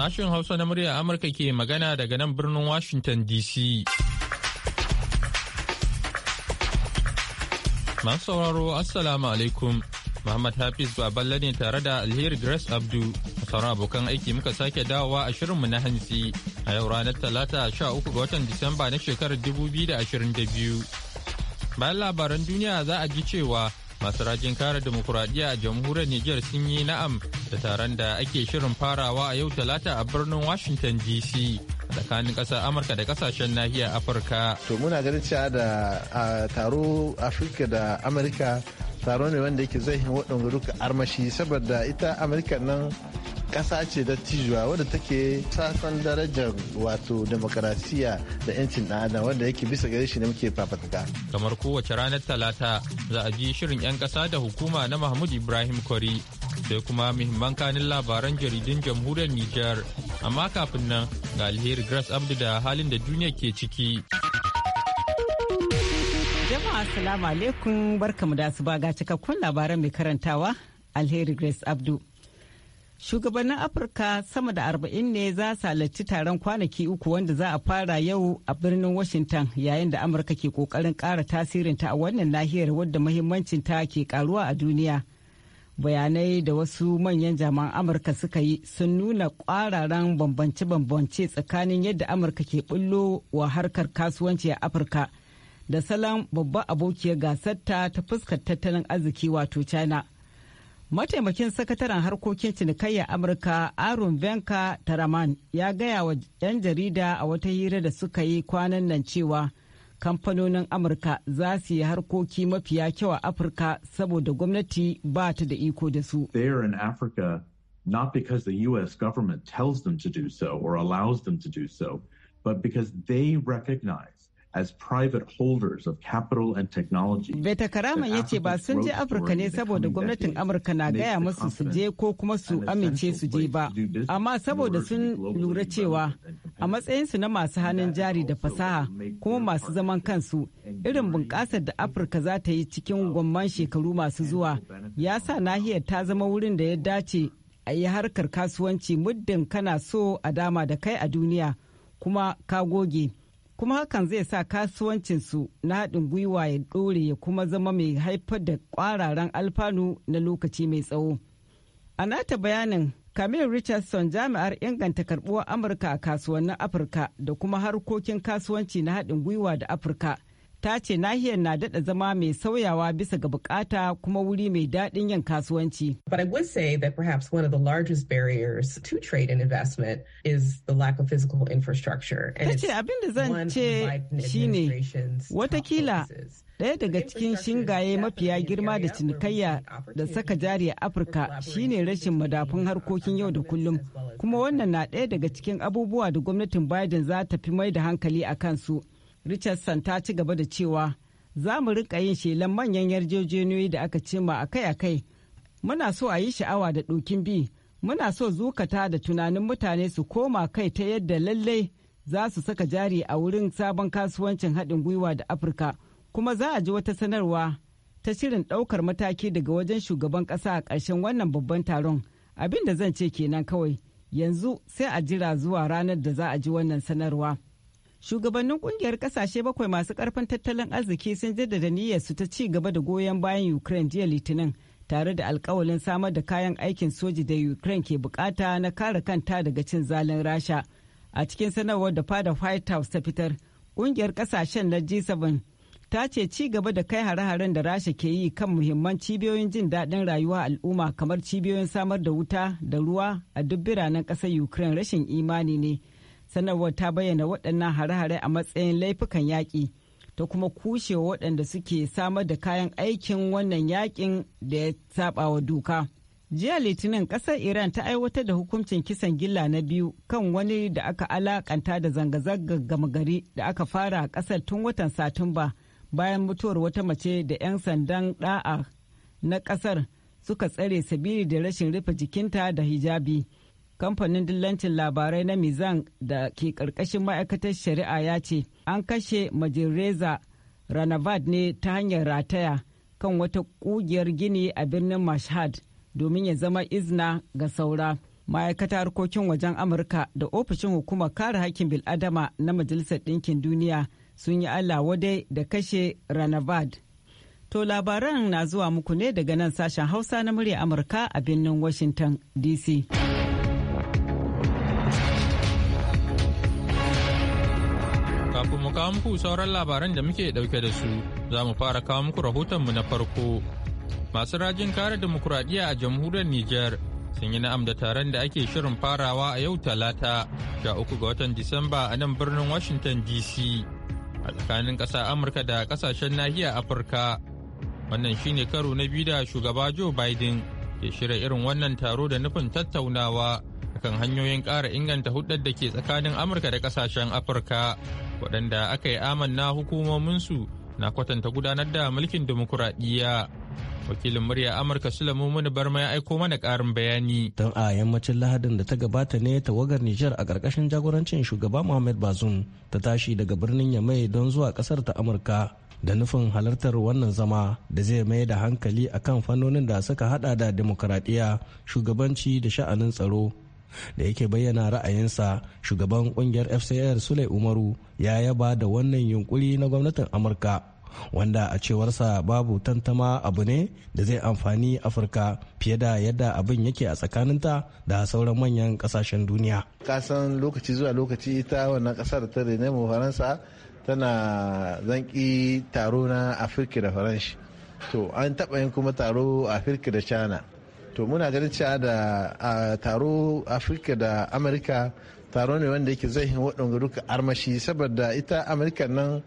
Sashen Hausa na murya Amurka ke magana daga nan birnin Washington DC. Masu sauraro Assalamu alaikum. Muhammad Hafiz Baballe ne tare da Alheri Grace Abdu. Sauran abokan aiki muka sake dawowa a shirinmu na hantsi a yau ranar Talata 13 ga watan Disamba na shekarar 2022. Bayan labaran duniya za a ji cewa masu rajin kare demokuraɗiyya a jamhuriyar Nijar sun yi na'am da taron da ake shirin farawa a yau talata a birnin Washington DC a tsakanin ƙasar Amurka da ƙasashen nahiyar Afirka. To muna ganin cewa da taro Afirka da Amurka taro ne wanda yake zai waɗanda duka armashi saboda ita Amurka nan kasa ce da tijuwa wadda take sasan darajar wato demokarasiya da 'yancin ɗan adam wanda yake bisa gare shi ne muke fafatuka. Kamar kowace ranar talata za a ji shirin 'yan kasa da hukuma na Mahmud Ibrahim Kwari sai kuma muhimman kanin labaran jaridun jamhuriyar Nijar. Amma kafin nan ga alheri Grace Abdu da halin da duniya ke ciki. Jama'a Assalamu alaikum barkamu da su ba ga cikakkun labaran mai karantawa Alheri Grace Abdu. Shugabannin Afirka sama da arba'in ne za su halarci taron kwanaki uku wanda za a fara yau a birnin Washington yayin da Amurka ke kokarin kara tasirinta a wannan nahiyar wadda muhimmancinta ke karuwa a duniya. Bayanai da wasu manyan jami'an Amurka suka yi sun nuna ƙwararan bambance-bambance tsakanin yadda Amurka ke bullo wa harkar kasuwanci a Afirka da salon babban abokiyar gasarta ta fuskar tattalin arziki wato China. Mataimakin sakataren harkokin cinikayya Amurka Aaron Venka Taraman ya gaya wa 'yan jarida a wata hira da suka yi kwanan nan cewa kamfanonin Amurka za su yi harkoki mafiya kyau a Afirka saboda gwamnati ba ta da iko da su. not because the U.S. government tells them to do so or allows them to do so, but because they recognize as Beta Karama ya ce ba sun je Afirka ne saboda gwamnatin Amurka na gaya musu su je ko kuma su amince su je ba, amma saboda sun lura cewa a matsayinsu na masu hannun jari da fasaha kuma masu zaman kansu irin bunƙasar da Afirka za ta yi cikin gwamman shekaru masu zuwa ya sa nahiyar ta zama wurin da ya dace a yi harkar kasuwanci muddin kana so a dama da kai a duniya kuma ka goge. kuma hakan zai sa kasuwancinsu na haɗin gwiwa ya ɗore ya kuma zama mai haifar da kwararan alfanu na lokaci mai tsawo. A nata bayanin, Camille Richardson jami'ar inganta karɓuwar Amurka a kasuwannin Afirka da kuma harkokin kasuwanci na haɗin gwiwa da Afirka ta ce nahiyar na daɗa zama mai sauyawa bisa ga bukata kuma wuri mai daɗin yin kasuwanci. But I would say that perhaps one of the largest barriers to trade and investment is the lack of physical infrastructure. Ta ce abin da zan ce shi shine watakila Ɗaya daga cikin shingaye mafiya girma da cinikayya da saka jari a Afirka shine rashin madafun harkokin yau da kullum. Kuma wannan na ɗaya daga cikin abubuwa da gwamnatin Biden za ta fi mai da hankali a kansu. richardson ta ci gaba da cewa za mu rinka yin shelan manyan yarjejeniyoyi da aka ce ma akai-akai muna so a yi sha'awa da ɗokin bi muna so zukata da tunanin mutane su koma kai ta yadda lallai za su saka jari a wurin sabon kasuwancin haɗin gwiwa da afirka kuma za a ji wata sanarwa ta shirin ɗaukar mataki daga wajen shugaban ƙasa a ƙarshen wannan babban taron abin da zan ce kenan kawai yanzu sai a jira zuwa ranar da za a ji wannan sanarwa. Shugabannin kungiyar kasashe bakwai masu karfin tattalin arziki sun jaddada su ta ci gaba da goyon bayan Ukraine jiya Litinin tare da alkawalin samar da kayan aikin soji da Ukraine ke bukata na kare kanta daga cin zalin Rasha. A cikin sanarwar da fada White House ta fitar, kungiyar kasashen na G7 ta ce ci gaba da kai hare-haren da rasha ke yi kan muhimman cibiyoyin jin daɗin rayuwa al'umma kamar cibiyoyin samar da wuta da ruwa a duk biranen ƙasar ukraine rashin imani ne sanarwar ta bayyana waɗannan hare-hare a matsayin laifukan yaƙi ta kuma kushewa waɗanda suke samar da kayan aikin wannan yaƙin da ya saba wa doka. jiya litinin ƙasar iran ta aiwatar da hukuncin kisan gilla na biyu kan wani da aka alakanta da zanga-zangar gama gari da aka fara a ƙasar tun watan satumba bayan mutuwar wata mace da 'yan sandan ɗa'a na ƙasar suka tsare sabili da rashin rufe jikinta da hijabi. kamfanin dillancin labarai na mizan da ke ƙarƙashin ma'aikatar shari'a ya ce an kashe majireza ranavad ne ta hanyar rataya kan wata ƙugiyar gini a birnin mashhad domin ya zama izna ga saura ma'aikata harkokin wajen amurka da ofishin hukumar kare hakkin bil'adama na majalisar ɗinkin duniya sun yi allah wadai da kashe ranavad to labaran na zuwa muku ne daga nan sashen hausa na murya amurka a birnin washington dc Kafin mu kawo muku sauran labaran da muke dauke da su, za mu fara kawo muku rahotonmu na farko. Masu rajin kare demokuraɗiyya a jamhuriyar Nijar sun yi na'am da taron da ake shirin farawa a yau talata ga uku ga watan Disamba a nan birnin Washington DC a tsakanin ƙasa Amurka da ƙasashen nahiya Afirka. Wannan shine karo na biyu da shugaba Joe Biden ya shirya irin wannan taro da nufin tattaunawa akan hanyoyin ƙara inganta hudar da ke tsakanin Amurka da ƙasashen Afirka. waɗanda aka yi amanna hukumominsu na kwatanta gudanar da mulkin demokuraɗiyya wakilin murya amurka sulamu muni barma ya aiko mana karin bayani don a yammacin lahadin da ta gabata ne tawagar nijar a ƙarƙashin jagorancin shugaba muhammad bazum ta tashi daga birnin yamai don zuwa ƙasar ta amurka da nufin halartar wannan zama da zai mai da hankali akan fannonin da suka hada da demokuraɗiyya shugabanci da sha'anin tsaro da yake bayyana ra'ayinsa shugaban kungiyar fcr sule umaru ya yaba da wannan yunkuri na gwamnatin amurka wanda a cewarsa babu tantama abu ne da zai amfani afirka fiye da yadda abin yake a tsakaninta da sauran manyan kasashen duniya kasan lokaci zuwa lokaci ita wannan kasar ta rene mu faransa tana zanki taro na afirka da faransa to an taɓa yin kuma taro a afirka da china to muna ganin cewa da taro afirka da amurka taro ne wanda yake zai waɗanda duka armashi saboda ita amurka nan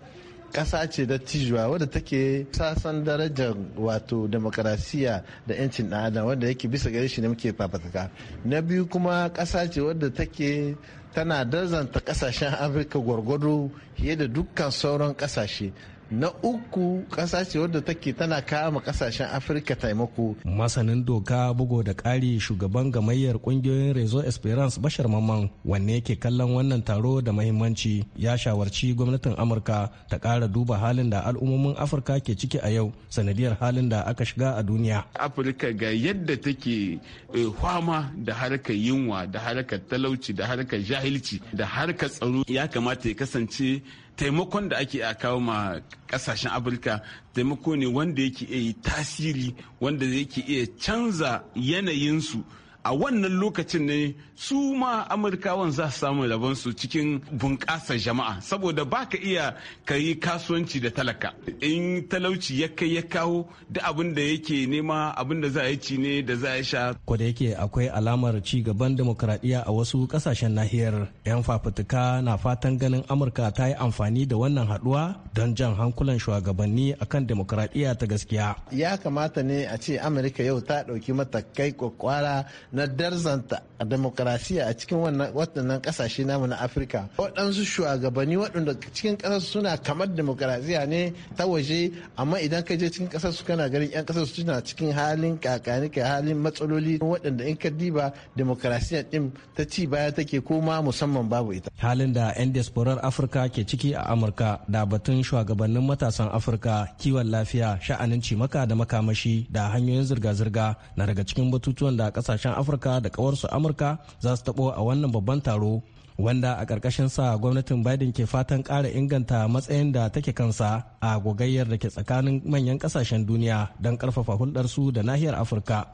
ƙasa ce da tijuwa wadda take sasan darajar wato demokarasiya da 'yancin ɗan adam wadda yake bisa gare shi ne muke fafataka na biyu kuma ƙasa ce wadda take tana darzanta ƙasashen afirka gwargwado fiye da dukkan sauran ƙasashe na uku ƙasa ce wadda take tana kama ƙasashen afirka taimako masanin doka bugu da ƙari shugaban gamayyar ƙungiyoyin rezo esperance bashar mamman wanne yake kallon wannan taro da mahimmanci ya shawarci gwamnatin amurka ta ƙara duba halin da al'ummomin afirka ke ciki a yau sanadiyar halin da aka shiga a duniya afirka ga yadda take eh, fama da harkar yunwa da harkar talauci da harkar jahilci da harkar tsaro ya kamata ya kasance taimakon da ake a kawo ma kasashen afirka taimako ne wanda yake iya tasiri wanda yake iya canza yanayinsu a wannan lokacin ne su ma amurkawan za su samu rabonsu cikin bunƙasar jama'a saboda ba ka iya ka yi kasuwanci da talaka in talauci ya kai ya kawo da abin da yake nema abin da za a yi ci ne da za a sha ko da yake akwai alamar ci gaban demokradiyya a wasu kasashen nahiyar yan fafutuka na fatan ganin amurka ta yi amfani da wannan haduwa don jan hankulan shugabanni akan demokradiyya ta gaskiya ya kamata ne a ce amurka yau ta ɗauki kai kwakwara na darzanta demokrasiya a cikin waɗannan ƙasashe namu na afirka waɗansu shugabanni waɗanda cikin ƙasar suna kamar demokrasiya ne ta waje amma idan ka je cikin ƙasar su kana ganin 'yan ƙasar su suna cikin halin kakani ka halin matsaloli waɗanda in ka diba demokrasiya ɗin ta ci baya take koma musamman babu ita halin da 'yan diasporar afirka ke ciki a amurka da batun shugabannin matasan afirka kiwon lafiya sha'anin cimaka da makamashi da hanyoyin zirga-zirga na daga cikin batutuwan da ƙasashen afirka da kawarsu amurka za su taɓo a wannan babban taro wanda a ƙarƙashin sa gwamnatin biden ke fatan ƙara inganta matsayin da take kansa a gogayyar da ke tsakanin manyan ƙasashen duniya don ƙarfafa hulɗarsu da nahiyar afirka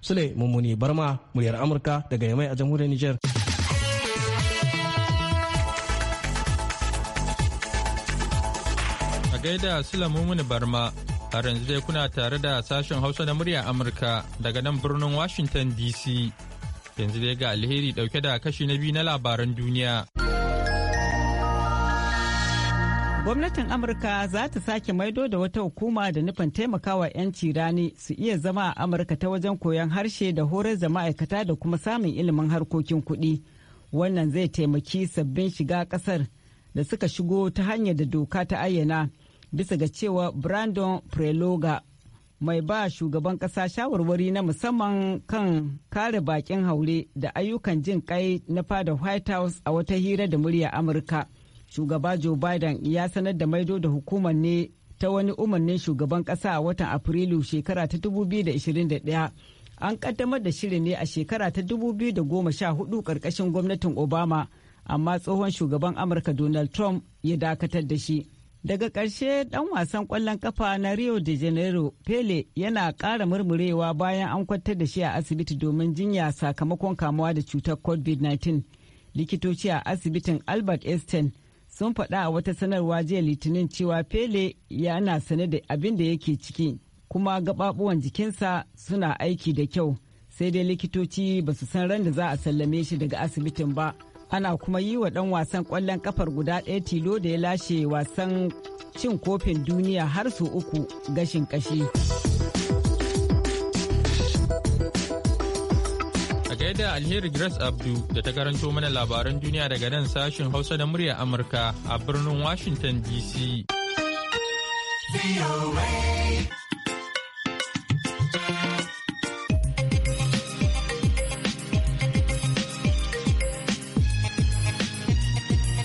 sule mummuni barma muryar amurka daga yamai a jamhuriyar niger a gaida sule mummuni barma Har yanzu dai kuna tare da sashen Hausa na murya Amurka daga nan birnin Washington DC. Yanzu dai ga alheri dauke da kashi na biyu na labaran duniya. Gwamnatin Amurka za ta sake maido da wata hukuma da nufin taimakawa 'yanci rani su iya zama a Amurka ta wajen koyon harshe da horar da ma'aikata da kuma samun ilimin harkokin kuɗi. Wannan zai taimaki sabbin shiga ƙasar da suka shigo ta hanyar da doka ta ayyana. bisa ga cewa brandon preloga mai ba shugaban kasa shawarwari na musamman kan kare bakin haure da ayyukan jin kai na fada white house a wata hira da murya amurka shugaba joe biden ya sanar da maido da hukumar ne ta wani umarnin shugaban kasa a watan afrilu shekara ta 2021 an kaddamar da shirin ne a shekara ta 2014 karkashin gwamnatin obama amma tsohon shugaban amurka donald trump ya dakatar da shi Daga ƙarshe ɗan wasan ƙwallon ƙafa na Rio de Janeiro Pele yana ƙara murmurewa bayan an kwantar da shi a asibiti domin jinya sakamakon kamuwa da cutar COVID-19. Likitoci a asibitin Albert Einstein sun faɗa a wata sanarwa jiya Litinin cewa Pele yana sane da abin da yake ciki kuma gaɓaɓuwan jikinsa suna aiki da kyau. Sai dai likitoci ba su san ran da za a sallame shi daga asibitin ba. ana kuma yi wa ɗan wasan ƙwallon kafar guda ɗaya tilo da ya lashe wasan cin kofin duniya har su uku gashin kashi. A gaida alheri Grace Abdu da ta karanto mana labaran duniya daga nan sashen Hausa da murya Amurka a birnin Washington DC.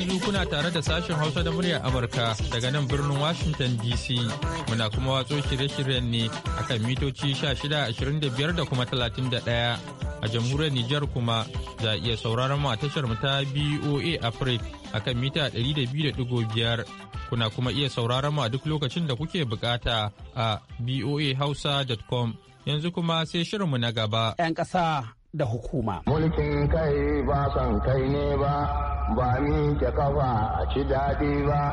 yanzu kuna tare da sashen Hausa da muryar Amurka daga nan birnin Washington DC. Muna kuma watso shirye-shiryen ne akan mitoci 1625 da kuma 31 a jamhuriyar Nijar kuma za a iya sauraron mu a tashar mu ta BOA Africa akan mita 200.5 kuna kuma iya sauraron mu a duk lokacin da kuke bukata a boahausa.com yanzu kuma sai shirinmu na gaba. 'Yan ƙasa da hukuma. Mulkin kai ba san kai ne ba ba mi miƙe kafa a ci daɗi ba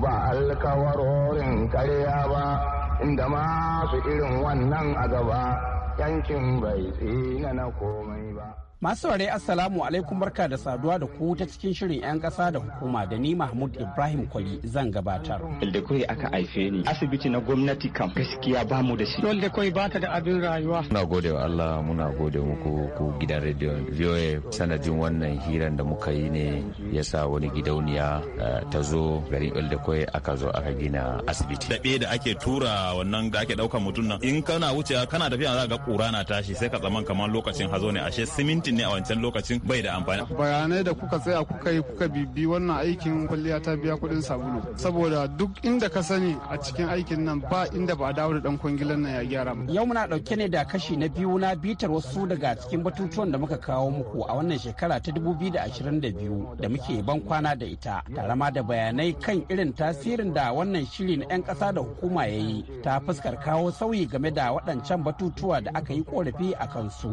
ba alkawarorin karya ba inda masu irin wannan a gaba yankin bai tsina na komai ba Masu saurare Assalamu alaikum barka da saduwa da ku ta cikin shirin 'yan ƙasa da hukuma da ni Mahmud Ibrahim Kwali zan gabatar. Dole aka haife ni asibiti na gwamnati kam gaskiya ba mu da shi. Dole koi ba ta da abin rayuwa. Muna gode wa Allah muna gode muku ku gidan radio VOA sanadin wannan hiran da muka yi ne ya sa wani gidauniya eh, ta zo garin Dole koi aka zo aka gina asibiti. Da da ake tura wannan da ake ɗaukar mutum nan in kana wucewa kana tafiya za ga ƙura na tashi sai ka tsaman kamar lokacin hazo ne ashe siminti aikin ne a wancan lokacin bai da amfani. Bayanai da kuka tsaya kuka yi kuka bibi wannan aikin kwalliya ta biya kuɗin sabulu. Saboda duk inda ka sani a cikin aikin nan ba inda ba a dawo da ɗan kwangilan nan ya gyara ba Yau muna ɗauke ne da kashi na biyu na bitar wasu daga cikin batutuwan da muka kawo muku a wannan shekara ta 2022 da da biyu muke ban kwana da ita. Tare ma da bayanai kan irin tasirin da wannan shiri na 'yan ƙasa da hukuma ya yi ta fuskar kawo sauyi game da waɗancan batutuwa da aka yi korafi a kansu.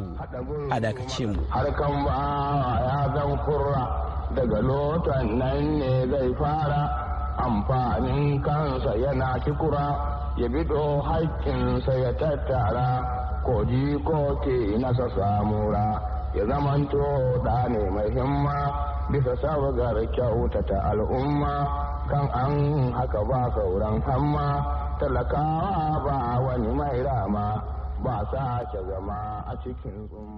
A dakace mu. harkan ba ya zan kurra daga lotan nan ne zai fara amfanin kansa yana kikura ya bido haƙƙinsa ya tattara ko ko ke nasa samura ya zamanto da ne mai himma bisa sabgar kyautata al'umma kan an haka ba sauran hamma talakawa ba wani mai rama ba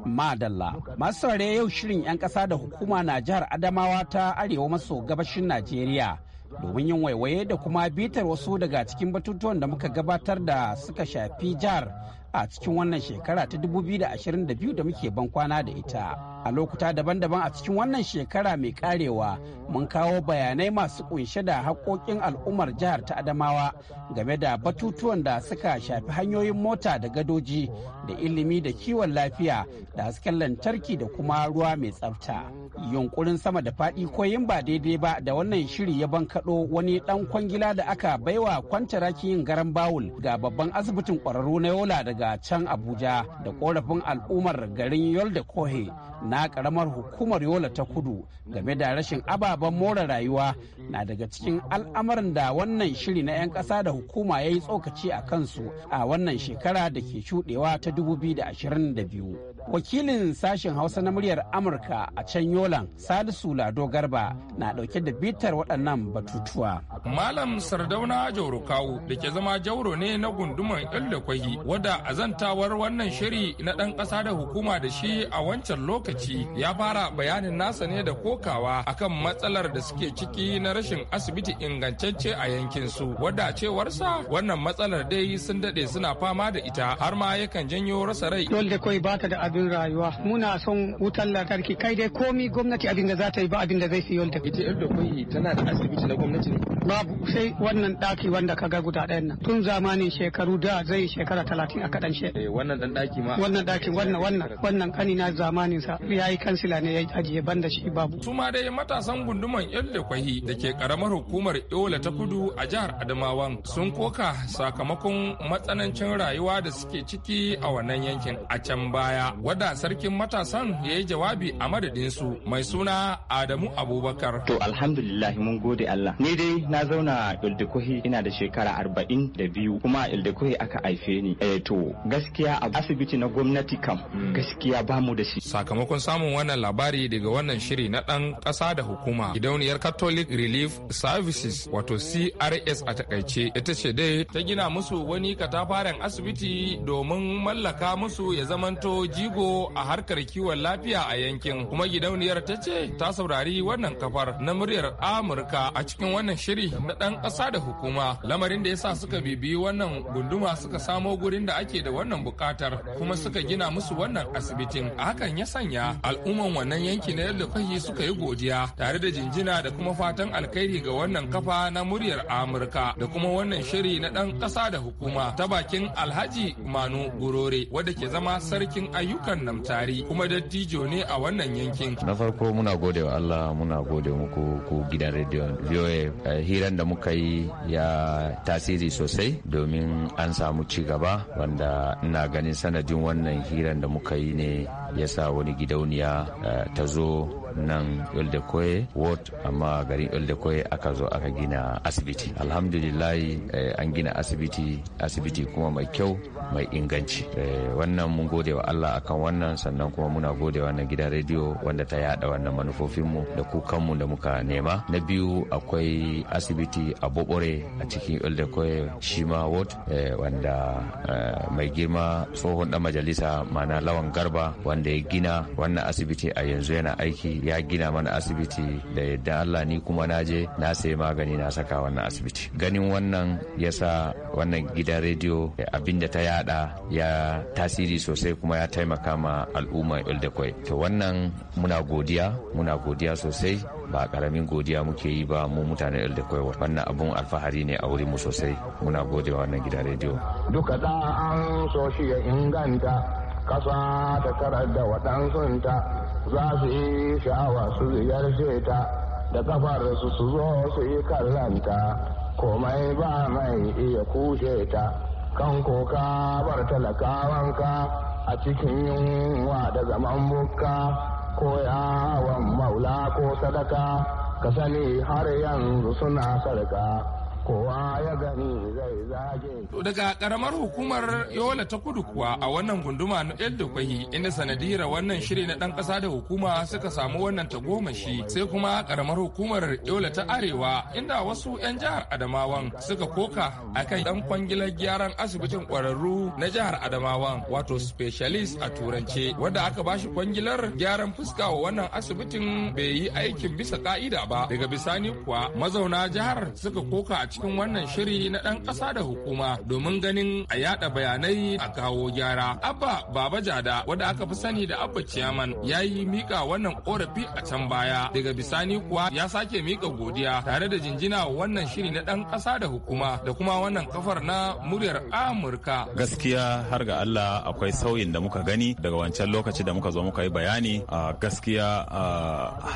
Madalla, masu saurare yau shirin 'yan ƙasa da hukuma na jihar Adamawa ta arewa maso gabashin Najeriya. domin yin waiwaye da kuma bitar wasu daga cikin batutuwan da muka gabatar da suka shafi jihar a cikin wannan shekara ta 2022 da muke ban kwana da ita. A lokuta daban-daban a cikin wannan shekara mai karewa mun kawo bayanai masu kunshe da haƙoƙin al'ummar jihar ta Adamawa game da batutuwan da suka shafi hanyoyin mota da gadoji da ilimi da kiwon lafiya da hasken lantarki da kuma ruwa mai tsafta. Yunkurin sama da faɗi koyin ba daidai ba da wannan shiri ya bankaɗo wani ɗan kwangila da aka baiwa kwantaraki yin garan bawul ga babban asibitin ƙwararru na Yola daga daga can abuja da korafin al'ummar garin yolda kohe na karamar hukumar yola ta kudu game da rashin ababen more rayuwa na daga cikin al'amarin da wannan shiri na 'yan kasa da hukuma ya yi tsokaci a kansu a wannan shekara da ke shuɗewa ta 2022 wakilin sashen hausa na muryar amurka a can yolan salisu lado garba na dauke da bitar waɗannan batutuwa malam sardauna jauro kawu da ke zama jauro ne na gundumar yan kwahi wadda azantawar wannan shiri na ɗan ƙasa da hukuma da shi a wancan lokaci ya fara bayanin nasa ne da kokawa akan matsalar da suke ciki na rashin asibiti ingantacce a yankinsu wadda cewarsa wannan matsalar dai sun daɗe suna fama da ita har ma yakan janyo rasa rai. Dole kawai ba ta da abin rayuwa muna son wutar lantarki kai dai komi gwamnati abin da za ta yi ba abin da zai fi yolda. Ita yolda kwai tana da asibiti na gwamnati ne. babu sai wannan daki wanda ka ga guda ɗayan nan tun zamanin shekaru da zai shekara talatin a kaɗan shi. Eh, wannan dan daki ma. wannan dakin wannan wannan wannan kani na zamanin sa ya yi kansila ne ya ajiye banda shi babu. su ma dai matasan gunduman yalle kwahi da ke karamar hukumar yola ta kudu a jihar adamawan sun koka sakamakon matsanancin rayuwa da suke ciki a wannan yankin a can baya wadda sarkin matasan ya yi jawabi a madadinsu mai suna adamu abubakar. to alhamdulillah mun gode allah ni dai na zauna ildikuhi ina da shekara arba'in da biyu kuma ildikuhi aka haife ni. Eh to gaskiya a asibiti na gwamnati kam hmm. gaskiya ba mu da shi. Sakamakon samun wannan labari daga wannan shiri na ɗan ƙasa da hukuma gidauniyar Catholic Relief Services wato CRS a takaice ita ce dai ta gina musu wani katafaren asibiti domin mallaka musu ya zamanto jigo a harkar kiwon lafiya a yankin kuma gidauniyar ta ce ta saurari wannan kafar na muryar Amurka a cikin wannan shiri na ɗan ƙasa da hukuma lamarin da ya sa suka bibiyi wannan gunduma suka samo gurin da ake da wannan buƙatar kuma suka gina musu wannan asibitin a hakan ya sanya al'umman wannan yanki na yadda kwahi suka yi godiya tare da jinjina da kuma fatan alkhairi ga wannan kafa na muryar amurka da kuma wannan shiri na ɗan ƙasa da hukuma ta bakin alhaji manu gurore wadda ke zama sarkin ayyukan namtari kuma dattijo ne a wannan yankin na farko muna gode wa allah muna gode muku ku gidan rediyon voa eh, hiran da muka yi ya tasiri sosai domin an samu ci gaba wanda ina ganin sanadin wannan hiran da muka yi ne ya sa wani gidauniya eh, ta zo nan koye ward amma garin koye aka zo aka gina asibiti. Alhamdulillahi eh, an gina asibiti asibiti kuma mai kyau mai inganci. Eh, wannan mun gode wa Allah akan wannan sannan kuma muna gode wa wannan gidan rediyo wanda ta yada wannan manufofinmu da kukanmu da muka nema. Na biyu akwai asibiti a Bobore a cikin Eldekoye Shima ward eh, wanda mai girma tsohon dan majalisa mana lawan garba wanda ya gina wannan asibiti a yanzu yana aiki ya gina mana asibiti da yadda Allah ni kuma na je na sayi magani na saka wannan asibiti ganin wannan yasa wannan gidan rediyo abin da ta yada ya tasiri sosai kuma ya taimaka ma al'umma ildakwai to wannan muna godiya muna godiya sosai ba karamin godiya muke yi ba mu mutanen ildakwai wannan abun alfahari ne a wurin mu sosai muna godiya wannan gidan rediyo duka da an so shi ya inganta kasa ta tarar da waɗansunta za su yi sha'awa su ziyarce ta da kafarsu su zo su yi kallanta komai ba mai iya kushe ta kan koka bar talakawanka a cikin yunwa da zaman bukka ko yawon maula ko sadaka ka sani har yanzu suna sarka. kowa ya gani zai zage. Daga karamar hukumar Yola ta kudu kuwa a wannan gunduma na yadda kwahi inda sanadira wannan shiri na ɗan ƙasa da hukuma suka samu wannan tagomashi sai kuma karamar hukumar Yola ta arewa inda wasu 'yan jihar Adamawan suka koka a akan ɗan kwangilar gyaran asibitin ƙwararru na jihar Adamawan wato specialist a turance wanda aka bashi kwangilar gyaran fuska wa wannan asibitin bai yi aikin bisa ka'ida ba daga bisani kuwa mazauna jihar suka koka a cikin wannan shiri na ɗan ƙasa da hukuma domin ganin a yada bayanai a kawo gyara. Abba Baba Jada wanda aka fi sani da Abba Ciyaman ya yi mika wannan korafi a can baya daga bisani kuwa ya sake mika godiya tare da jinjina wannan shiri na ɗan ƙasa da hukuma da kuma wannan kafar na muryar Amurka. Gaskiya har ga Allah akwai sauyin da muka gani daga wancan lokaci da muka zo muka yi bayani a gaskiya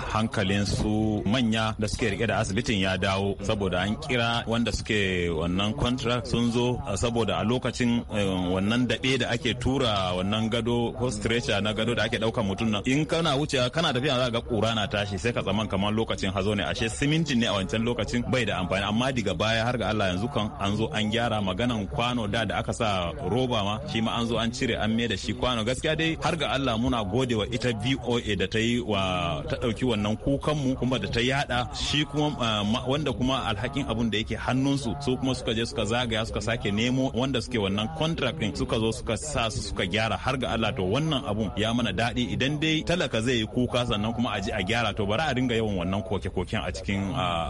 hankalin su manya da suke rike da asibitin ya dawo saboda an kira wanda suke wannan contract sun zo uh, saboda a lokacin um, wannan daɓe da ake tura wannan gado ko stretcher na gado da ake ɗaukan mutum na. in kana wuce kana tafiya za ga ƙura na tashi sai ka tsaman kamar lokacin hazo ne ashe simintin ne a wancan lokacin bai da amfani amma daga baya har ga Allah yanzu kan an zo an gyara maganan kwano da da aka sa roba ma shi ma an zo an cire an mai da shi kwano gaskiya dai har ga Allah muna gode wa ita VOA da ta yi wa ta ɗauki wannan kukan mu kuma da ta yada shi kuma uh, wanda kuma alhakin abun da yake ke hannunsu su kuma suka je suka zagaya suka sake nemo wanda suke wannan contract din suka zo suka sa su suka gyara har ga Allah to wannan abun ya mana daɗi idan dai talaka zai yi kuka sannan kuma a ji a gyara to bari a dinga yawan wannan koke-koken a cikin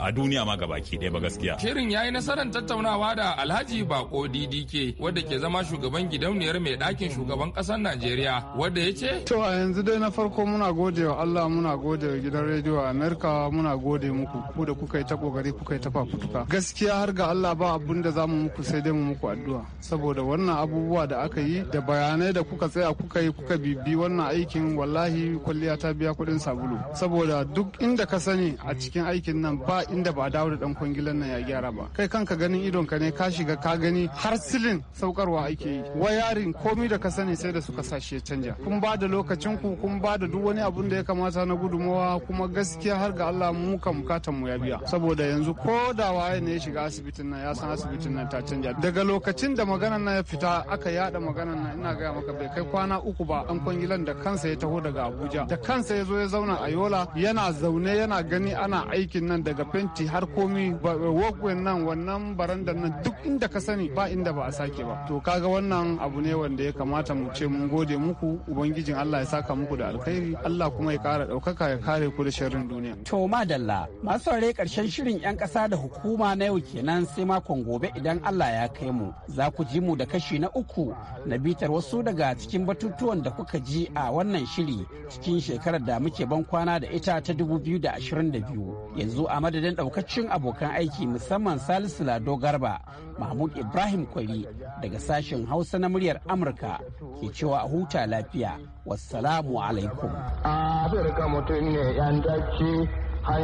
a duniya ma gabaki ɗaya ba gaskiya. Shirin ya yi nasarar tattaunawa da Alhaji Bako DDK wadda ke zama shugaban gidauniyar mai ɗakin shugaban ƙasar Najeriya wadda ya ce. To a yanzu dai na farko muna gode wa Allah muna gode wa gidan rediyo Amerika muna gode muku ku da kuka yi ta kokari kuka yi ta fafutuka. gaskiya har ga Allah ba abun da zamu muku sai dai mu muku addu'a saboda wannan abubuwa da aka yi da bayanai da kuka tsaya kuka yi kuka bibi wannan aikin wallahi kwalliya ta biya kuɗin sabulu saboda duk inda ka sani a cikin aikin nan ba inda ba a dawo da dan kwangilan nan ya gyara ba kai kanka ganin idon ka ne ka shiga ka gani har silin saukarwa ake yi wayarin komai da ka sani sai da suka sashe canja kun ba da lokacin ku kun ba da duk wani abun da ya kamata na gudumawa kuma gaskiya har ga Allah mu kan mukatan mu ya biya saboda yanzu ko da waye ne shiga asibitin nan ya san asibitin nan ta canja daga lokacin da maganan na ya fita aka yada maganan na ina gaya maka bai kai kwana uku ba an kwangilan da kansa ya taho daga abuja da kansa ya zo ya zauna a yola yana zaune yana gani ana aikin nan daga fenti har komi wogwen nan wannan barandan nan duk inda ka sani ba inda ba a sake ba to kaga wannan abu ne wanda ya kamata mu ce mun gode muku ubangijin allah ya saka muku da alkhairi allah kuma ya kara ɗaukaka ya kare ku da sharrin duniya to madalla masu karshen shirin yan kasa da hukuma na yau yau kenan sai makon gobe idan Allah ya kai mu za ku ji mu da kashi na uku na bitar wasu daga cikin batutuwan da kuka ji a wannan shiri cikin shekarar da muke ban kwana da ita ta 2022 yanzu a madadin daukacin abokan aiki musamman Salisu Lado Garba Mahmud Ibrahim Kwari daga sashen Hausa na muryar Amurka ke cewa a huta lafiya wassalamu alaikum. Afirka mutum A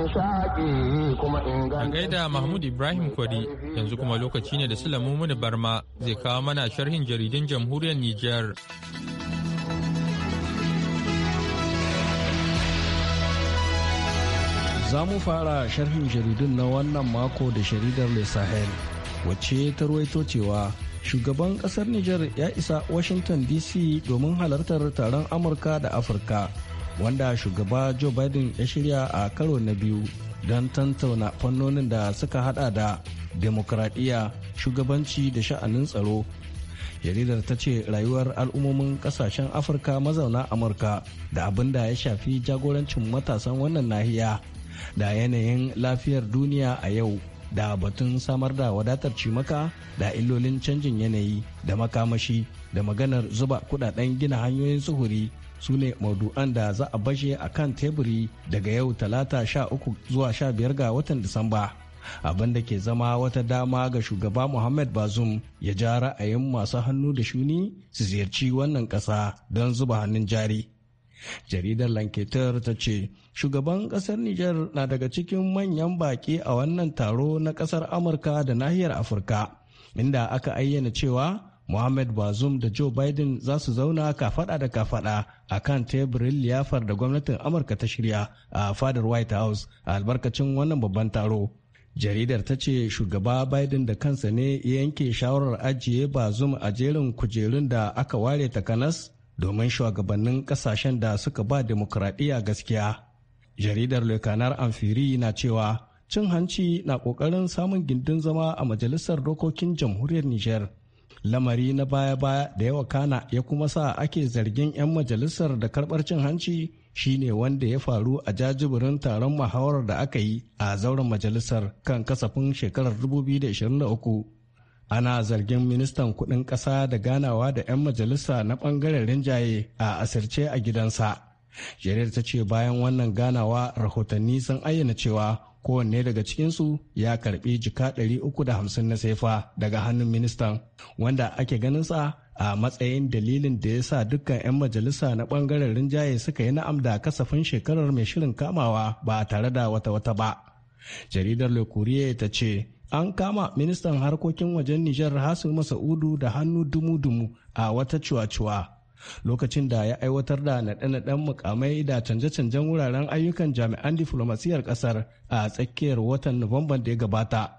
gaida Mahmud Ibrahim Kwari yanzu kuma lokaci ne da lamu Muni Barma zai kawo mana sharhin jaridun jamhuriyar Nijar. Za mu fara sharhin jaridun na wannan mako da sharidar Le Sahel wacce ta ruwaito cewa shugaban kasar Nijar ya isa Washington DC domin halartar taron Amurka da Afirka. wanda shugaba joe biden ya shirya a karo na biyu don tantauna fannonin da suka hada da demokradiyya shugabanci da sha'anin tsaro jaridar ta ce rayuwar al'ummomin kasashen afirka mazauna amurka da abin da ya shafi jagorancin matasan wannan nahiya da yanayin lafiyar duniya a yau da batun samar da wadatar cimaka da illolin canjin yanayi da makamashi da maganar zuba kudaden gina hanyoyin suhuri su ne maudu'an da za a bashe a kan teburi daga yau talata sha uku zuwa sha biyar ga watan disamba abin da ke zama wata dama ga shugaba muhammad bazum ya ja ra'ayin masu hannu da shuni su ziyarci wannan ƙasa don zuba hannun jari jaridar lanketer ta ce shugaban ƙasar niger na daga cikin manyan baƙi a wannan taro na ƙasar amurka da nahiyar afirka inda aka ayyana cewa Mohamed Bazoum da Joe Biden za su zauna kafada da kafada a kan teburin liyafar da gwamnatin Amurka ta shirya a fadar White House a albarkacin wannan babban taro. Jaridar ta ce shugaba Biden da kansa ne yanke shawarar ajiye Bazoum a jerin kujerun da aka ware takanas domin shugabannin kasashen da suka ba demokuraɗiyya gaskiya. Jaridar Lekanar Amfiri na cewa cin hanci na ƙoƙarin samun gindin zama a majalisar dokokin jamhuriyar Nijar. lamari na baya-baya da yawa kana ya kuma sa ake zargin 'yan majalisar da karɓar cin hanci shine wanda ya faru a jajibirin taron muhawarar da aka yi a zauren majalisar kan kasafin shekarar 2023 ana zargin ministan kudin ƙasa da ganawa da 'yan majalisa na ɓangaren rinjaye a asirce a gidansa jaridar ta ce bayan wannan ganawa rahotanni sun ayyana cewa kowanne daga cikinsu ya karbi jika 350 na saifa daga hannun ministan wanda ake ganin sa a matsayin dalilin da ya sa dukkan 'yan majalisa na bangaren rinjaye suka yi na'am da kasafin shekarar mai shirin kamawa ba tare da wata-wata ba jaridar le ta ce an kama ministan harkokin wajen nijar hasu masa'udu da hannu dumu-dumu a wata cuwa-cuwa lokacin da ya aiwatar da naɗe-naɗen mukamai da canje-canjen wuraren ayyukan jami'an diflomasiyyar ƙasar a tsakiyar watan Nuwamban da ya gabata.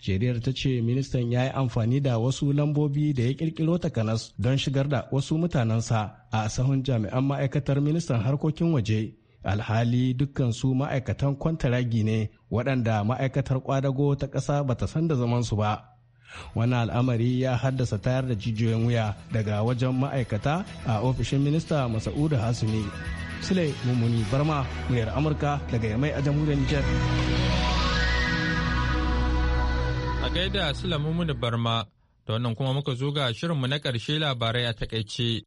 shari'ar ta ce ministan ya yi amfani da wasu lambobi da ya ƙirƙiro takanas don shigar da wasu mutanensa a sahun jami'an ma'aikatar ministan harkokin waje alhali dukkansu ma'aikatan kwantaragi ne waɗanda ma'aikatar kwadago ta ƙasa bata san da zamansu ba wani al'amari ya haddasa tayar da jijiyoyin wuya daga wajen ma'aikata a ofishin minista masa'udu hasumi sule mummuni barma muryar amurka daga yamai a jamhuriyar nijar a gaida sule mummuni barma da wannan kuma muka zo ga shirinmu na karshe labarai a takaice.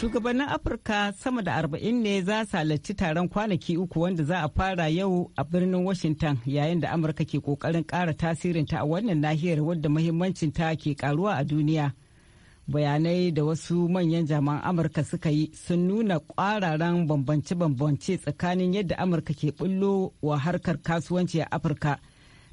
Shugabannin Afirka sama da arba'in ne za su halarci taron kwanaki uku wanda za a fara yau a birnin Washington yayin da Amurka ke kokarin ƙara tasirinta a wannan nahiyar wadda muhimmancinta ke karuwa a duniya. Bayanai da wasu manyan jaman Amurka suka yi sun nuna ƙwararan bambance-bambance tsakanin yadda Amurka ke bullo wa harkar kasuwanci a Afirka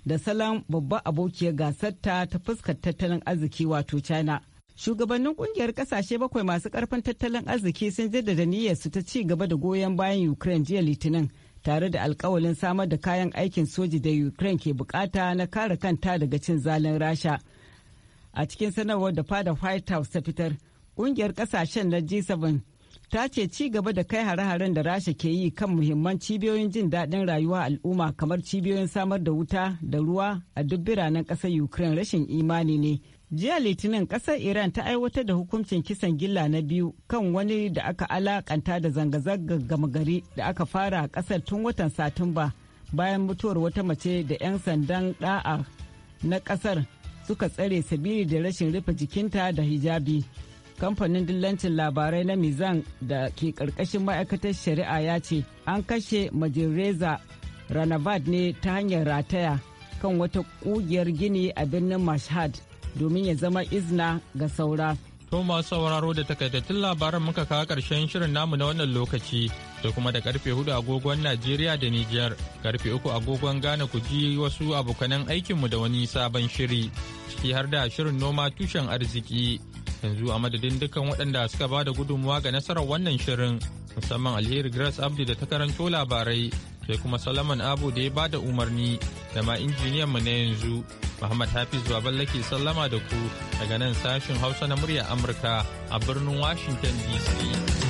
da salon babban abokiyar gasarta ta fuskar tattalin arziki wato China. shugabannin kungiyar kasashe bakwai masu karfin tattalin arziki sun jaddada niyyarsu ta ci gaba da goyon bayan ukraine jiya litinin tare da alkawalin samar da kayan aikin soji da ukraine ke bukata na kare kanta daga cin zalin rasha a cikin sanarwar da fada white house ta fitar kungiyar kasashen na g7 ta ce ci gaba da kai hare-haren da rasha ke yi kan muhimman cibiyoyin jin daɗin rayuwa al'umma kamar cibiyoyin samar da wuta da ruwa a duk biranen ƙasar ukraine rashin imani ne. jiya litinin kasar iran ta aiwatar da hukuncin kisan gilla na biyu kan wani da aka alakanta da zanga-zangar gama gari da aka fara a kasar tun watan satumba bayan mutuwar wata mace da 'yan sandan da'a na kasar suka tsare sabili da rashin rufe jikinta da hijabi kamfanin dillancin labarai na mizan da ke karkashin ma'aikatar shari'a ya ce an kashe majireza ranavad ne ta hanyar rataya kan wata kugiyar gini a birnin mashhad domin ya zama izina ga saura. To masu sauraro da takaitattun labaran muka kawo ƙarshen shirin namu na wannan lokaci da kuma da karfe hudu agogon Najeriya da Nijar, karfe uku agogon Ghana ku ji wasu abokanan aikinmu da wani sabon shiri, ciki har da shirin noma tushen arziki. Yanzu a madadin dukkan waɗanda suka ba da gudunmuwa ga nasarar wannan shirin, musamman Alheri Grace Abdi da ta karanto labarai, sai kuma Salaman Abu da ya ba da umarni da ma mu na yanzu. Muhammad Hafiz Baballe ke sallama da ku daga nan sashin Hausa na murya Amurka a birnin Washington DC.